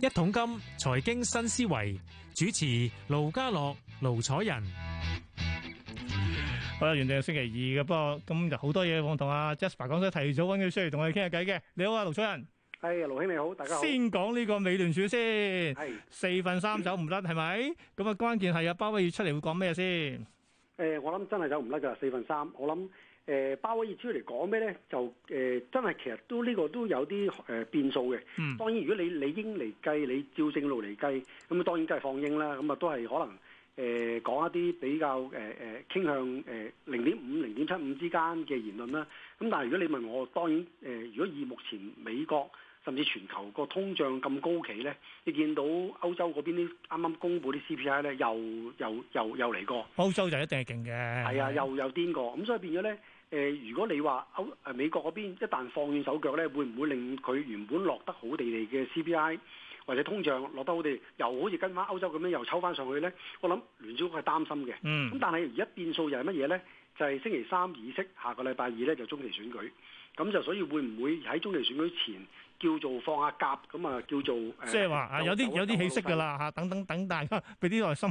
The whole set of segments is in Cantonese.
一桶金財經新思維，主持盧家樂、盧楚仁。好啦，原定係星期二嘅，不過咁就好多嘢，我同阿 Jasper 講咗，提早揾佢出嚟同我哋傾下偈嘅。你好啊，盧楚仁。係盧兄，你好，大家好。先講呢個美聯儲先，係四分三走唔甩，係咪？咁啊，關鍵係阿鮑威爾出嚟會講咩先？誒，我諗真係走唔甩㗎四分三，我諗。誒鮑威爾出嚟講咩咧？就誒真係其實都呢個都有啲誒變數嘅。嗯，當然如果你理應嚟計，你照正路嚟計，咁啊當然梗係放鷹啦。咁啊都係可能誒講一啲比較誒誒傾向誒零點五、零點七五之間嘅言論啦。咁但係如果你問我，當然誒如果以目前美國。甚至全球個通脹咁高企呢，你見到歐洲嗰邊啲啱啱公布啲 CPI 呢，又又又又嚟過。歐洲就一定係勁嘅。係啊，又的又癲過。咁所以變咗呢，誒、呃，如果你話歐美國嗰邊一旦放軟手腳呢，會唔會令佢原本落得好地地嘅 CPI 或者通脹落得好地，又好似跟翻歐洲咁樣又抽翻上去呢？我諗聯儲局係擔心嘅。嗯。咁但係而家變數又係乜嘢呢？就係、是、星期三議息，下個禮拜二呢就中期選舉。咁就所以會唔會喺中期選舉前？叫做放下鴿，咁啊叫做，即係話啊有啲有啲起色㗎啦嚇，等等等，大家畀啲耐心。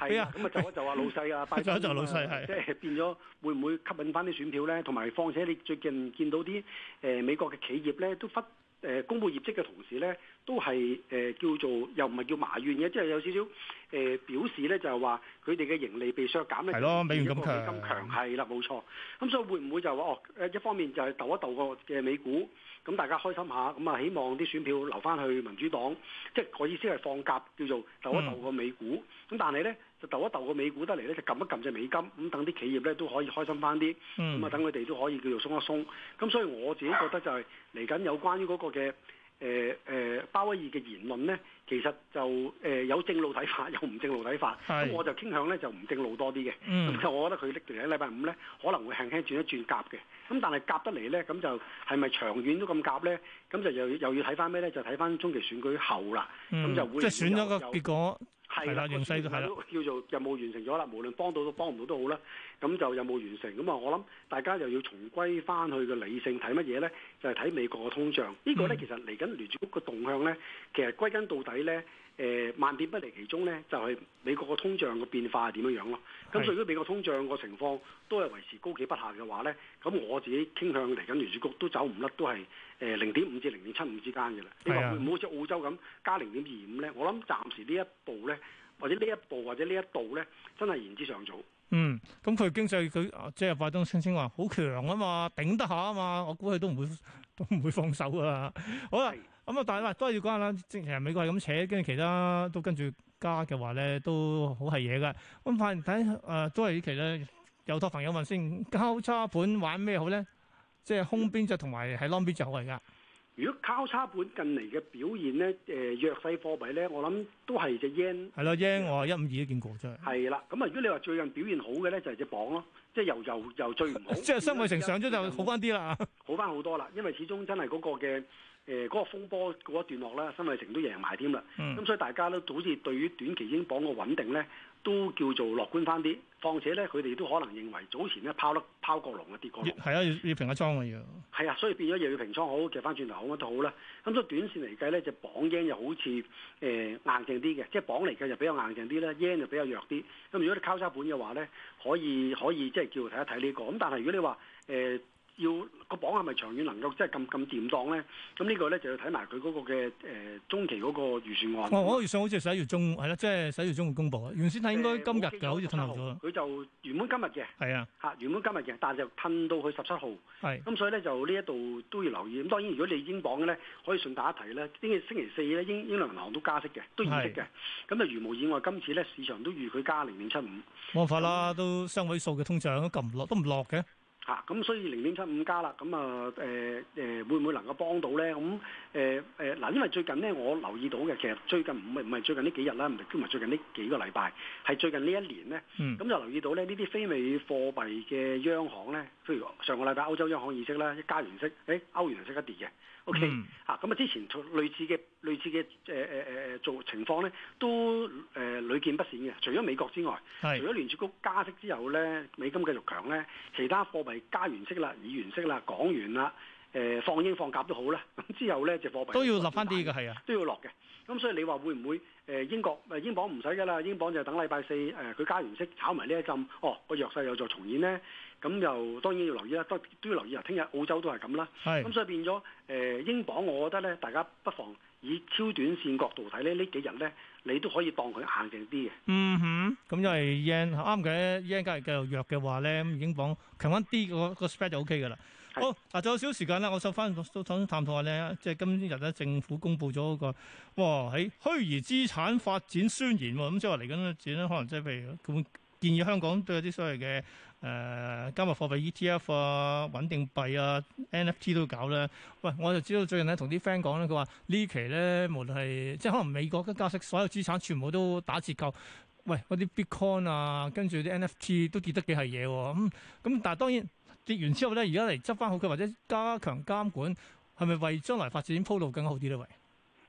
係啊，咁啊就啊就話老細啊，就就老細係，即係變咗會唔會吸引翻啲選票咧？同埋況且你最近見到啲誒美國嘅企業咧都忽。誒公佈業績嘅同時咧，都係誒、呃、叫做又唔係叫埋怨嘅，即係有少少誒、呃、表示咧，就係話佢哋嘅盈利被削減嘅，係咯，美元咁強係啦，冇錯。咁、嗯、所以會唔會就係話哦？誒一方面就係鬥一鬥個嘅美股，咁大家開心一下，咁啊希望啲選票留翻去民主黨，即係我意思係放甲叫做鬥一鬥個美股。咁、嗯、但係咧。就鬥一鬥個美股得嚟咧，就撳一撳隻美金，咁等啲企業咧都可以開心翻啲，咁啊等佢哋都可以叫做鬆一鬆。咁所以我自己覺得就係嚟緊有關於嗰個嘅誒誒鮑威爾嘅言論咧，其實就誒、呃、有正路睇法，有唔正路睇法。咁是我就傾向咧就唔正路多啲嘅。咁、嗯、我覺得佢搦嚟喺禮拜五咧，可能會輕輕轉一轉夾嘅。咁但係夾得嚟咧，咁就係咪長遠都咁夾咧？咁就又又要睇翻咩咧？就睇翻中期選舉後啦。咁、嗯、就會即係選咗個結果。係啦，叫做任務完成咗啦。無論幫到都幫唔到都好啦，咁就任務完成。咁啊，我諗大家又要重歸翻去嘅理性睇乜嘢呢？就係睇美國嘅通脹呢個呢，其實嚟緊聯儲局嘅動向呢，其實歸根到底呢。誒萬變不離其宗咧，就係、是、美國嘅通脹嘅變化係點樣樣咯。咁是的 所以如果美國通脹個情況都係維持高企不下嘅話咧，咁我自己傾向嚟緊聯儲局都走唔甩，都係誒零點五至零點七五之間嘅啦。係啊，唔好似澳洲咁加零點二五咧。我諗暫時呢一步咧，或者呢一步或者一步呢一度咧，真係言之尚早。嗯，咁佢經濟佢即係拜登聲稱話好強啊嘛，頂得下啊嘛，我估佢都唔會都唔會放手㗎啦。好啊。好咁啊、嗯，但係都係要講下啦。其實美國係咁扯，跟住其他都跟住加嘅話咧，都好係嘢㗎。咁反而睇誒，都係呢期咧有托朋友問先，交叉盤玩咩好咧？即係空邊隻同埋係 long 邊隻好嚟㗎。如果交叉盤近嚟嘅表現咧，誒弱勢貨幣咧，我諗都係隻 yen。係咯，yen 我話一五二都見過啫。係啦，咁啊，如果你話最近表現好嘅咧，就係隻鎊咯，即係又又又最唔好。即係辛偉誠上咗就好翻啲啦，好翻好多啦，因為始終真係嗰個嘅誒嗰個風波嗰一段落咧，辛偉誠都贏埋添啦。咁、嗯、所以大家都好似對於短期英鎊嘅穩定咧。都叫做樂觀翻啲，況且咧，佢哋都可能認為早前咧拋得拋過龍嘅跌過，係啊，要要平一倉嘅要。係啊，所以變咗又要平倉好，好夾翻轉頭好乜都好啦。咁所以短線嚟計咧，就鎊 yen 又好似誒、呃、硬淨啲嘅，即係鎊嚟計就比較硬淨啲啦。yen 就比較弱啲。咁如果你交叉盤嘅話咧，可以可以即係、就是、叫睇一睇呢、這個。咁但係如果你話誒。呃要個鎊係咪長遠能夠即係咁咁掂當咧？咁呢這個咧就要睇埋佢嗰個嘅誒、呃、中期嗰個預算案。哦、我我預算好似十一月中係啦，即係十一月中會公佈啊。原先係應該今日嘅，呃、好似褪咗啦。佢就原本今日嘅係啊，嚇、啊、原本今日嘅，但係就褪到去十七號係。咁是所以咧就呢一度都要留意。咁當然如果你已經鎊嘅咧，可以順帶一提咧。呢個星期四咧，英英倫銀行都加息嘅，都議息嘅。咁啊是，就如無意外，今次咧市場都預佢加零點七五。冇法啦，以都雙位數嘅通脹都撳唔落，都唔落嘅。嚇咁、啊、所以零點七五加啦，咁啊誒誒會唔會能夠幫到咧？咁誒誒嗱，因為最近咧我留意到嘅，其實最近唔係唔係最近呢幾日啦，唔係兼埋最近呢幾個禮拜，係最近呢一年咧，咁、嗯、就留意到咧呢啲非美貨幣嘅央行咧，譬如上個禮拜歐洲央行議息啦，一加完息，誒、欸、歐元息一跌嘅。O.K. 吓咁、嗯、啊之前類似嘅、類似嘅誒誒誒做情況咧，都誒屢、呃、見不鮮嘅。除咗美國之外，是的 除咗聯儲局加息之後咧，美金繼續強咧，其他貨幣加完息啦，議完息啦，港元啦。誒放鷹放鴿都好啦，咁之後咧隻貨幣就都要落翻啲嘅，係啊，都要落嘅。咁所以你話會唔會誒英國誒英鎊唔使嘅啦？英鎊就等禮拜四誒佢加完息炒埋呢一陣，哦個弱勢又再重演咧，咁又當然要留意啦，都都要留意啊。聽日澳洲都係咁啦，係咁是所以變咗誒英鎊，我覺得咧，大家不妨以超短線角度睇咧，呢幾日咧，你都可以當佢硬淨啲嘅。嗯哼，咁因為 yen 啱嘅 yen 價又繼續弱嘅話咧，咁英鎊強翻啲，個 spread 就 OK 嘅啦。好，嗱是，仲、哦、有少少時間咧，我想翻都想探討下咧，即係今日咧，政府公布咗嗰個，哇，喺虛擬資產發展宣言，咁即係嚟緊咧，可能即係譬如佢建議香港都有啲所謂嘅誒、呃、加密貨幣 ETF 啊、穩定幣啊、NFT 都搞啦。喂，我就知道最近咧同啲 friend 講咧，佢話呢期咧，無論係即係可能美國嘅加息，所有資產全部都打折扣。喂，嗰啲 Bitcoin 啊，跟住啲 NFT 都跌得幾係嘢咁。咁、嗯、但係當然。跌完之後咧，而家嚟執翻好佢，或者加強監管，係咪為將來發展鋪路更好啲咧？喂、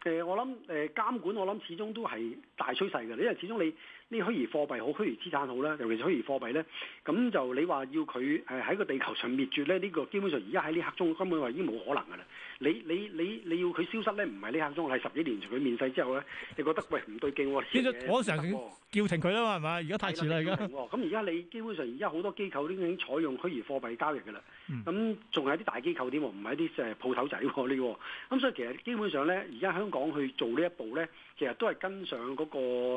呃，我諗、呃、監管，我諗始終都係大趨勢㗎。你因為始終你。啲虛擬貨幣好，虛擬資產好啦，尤其是虛擬貨幣咧，咁就你話要佢誒喺個地球上滅絕咧，呢個基本上而家喺呢刻鐘根本話已經冇可能噶啦。你你你你要佢消失咧，唔係呢刻鐘係十幾年前佢面世之後咧，你覺得喂唔對勁喎。其實我成日叫停佢啦，係咪？而家太遲啦，而家咁而家你基本上而家好多機構都已經採用虛擬貨幣交易噶啦，咁仲係啲大機構啲唔係一啲誒鋪頭仔呢喎。咁所以其實基本上咧，而家香港去做呢一步咧，其實都係跟上嗰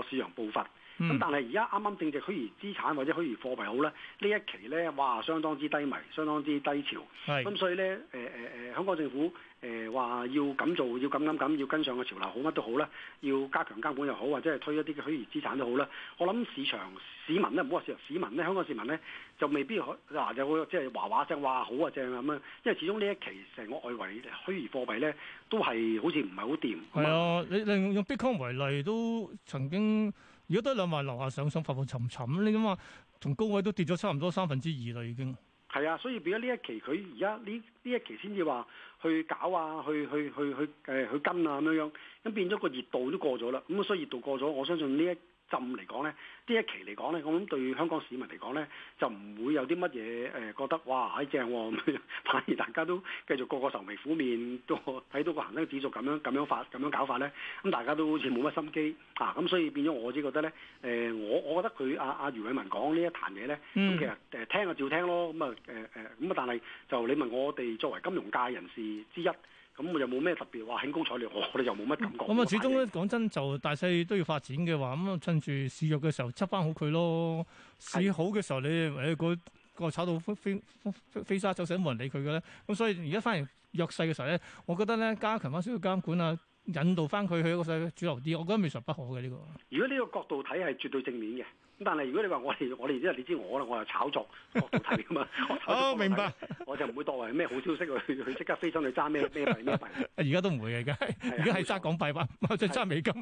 個市場步伐。咁、嗯、但係而家啱啱正值虛擬資產或者虛擬貨幣好咧，呢一期咧哇相當之低迷，相當之低潮。咁係、嗯、所以咧誒誒誒，香港政府誒話、呃、要咁做，要咁咁咁，要跟上個潮流好乜都好啦，要加強監管又好，或者係推一啲嘅虛擬資產都好啦。我諗市場市民咧，唔好話市市民咧，香港市民咧就未必可嗱有個即係話話聲話好啊正啊咁樣，因為始終呢一期成個外圍虛擬貨幣咧都係好似唔係好掂。係啊，嗯、你你用 Bitcoin 為例都曾經。如果得兩萬樓下上上浮浮沉沉，你諗下，從高位都跌咗差唔多三分之二啦，已經。係啊，所以變咗呢一期佢而家呢呢一期先至話去搞啊，去去去去誒、呃、去跟啊咁樣樣，咁變咗個熱度都過咗啦。咁啊，所以熱度過咗，我相信呢一浸嚟講咧，呢一期嚟講咧，我諗對香港市民嚟講咧，就唔會有啲乜嘢覺得哇嗨正喎，反而大家都繼續個個愁眉苦面，都睇到個恆生指數咁樣咁樣發咁樣搞法咧，咁大家都好似冇乜心機啊，咁所以變咗我只覺得咧，我我覺得佢阿阿余偉文講呢一壇嘢咧，咁其實聽就照聽咯，咁啊咁啊，但係就你問我哋作為金融界人士之一。咁我又冇咩特別話興高采烈，我哋又冇乜感覺。咁啊麼，麼始終咧講你真，就大細都要發展嘅話，咁啊，趁住市弱嘅時候執翻好佢咯。市是的 好嘅時候，你誒、哎那個、那個炒到飛飛沙走石都冇人理佢嘅咧。咁所以而家返嚟弱勢嘅時候咧，我覺得咧加強翻少少監管啊，引導翻佢去一個勢主流啲，我覺得未嘗不可嘅呢、這個。如果呢個角度睇，係絕對正面嘅。咁但係如果你話我哋我哋即係你知我啦，我又炒作角度睇噶嘛，我、 哦、明白， 我就唔會當作為咩好消息去去即刻飛上去揸咩咩幣。而家 都唔會嘅，而家而家係揸港幣吧，即係揸美金。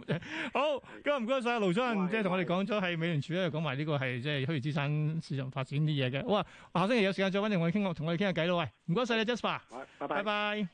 好，是的今日唔該晒盧楚仁，即係同我哋講咗係美聯儲咧，講埋呢個係即係虛擬資產市場發展啲嘢嘅。好啊，下星期有時間再搵你，我哋傾落，同你傾下計啦，喂，唔該晒你，Jasper，拜拜。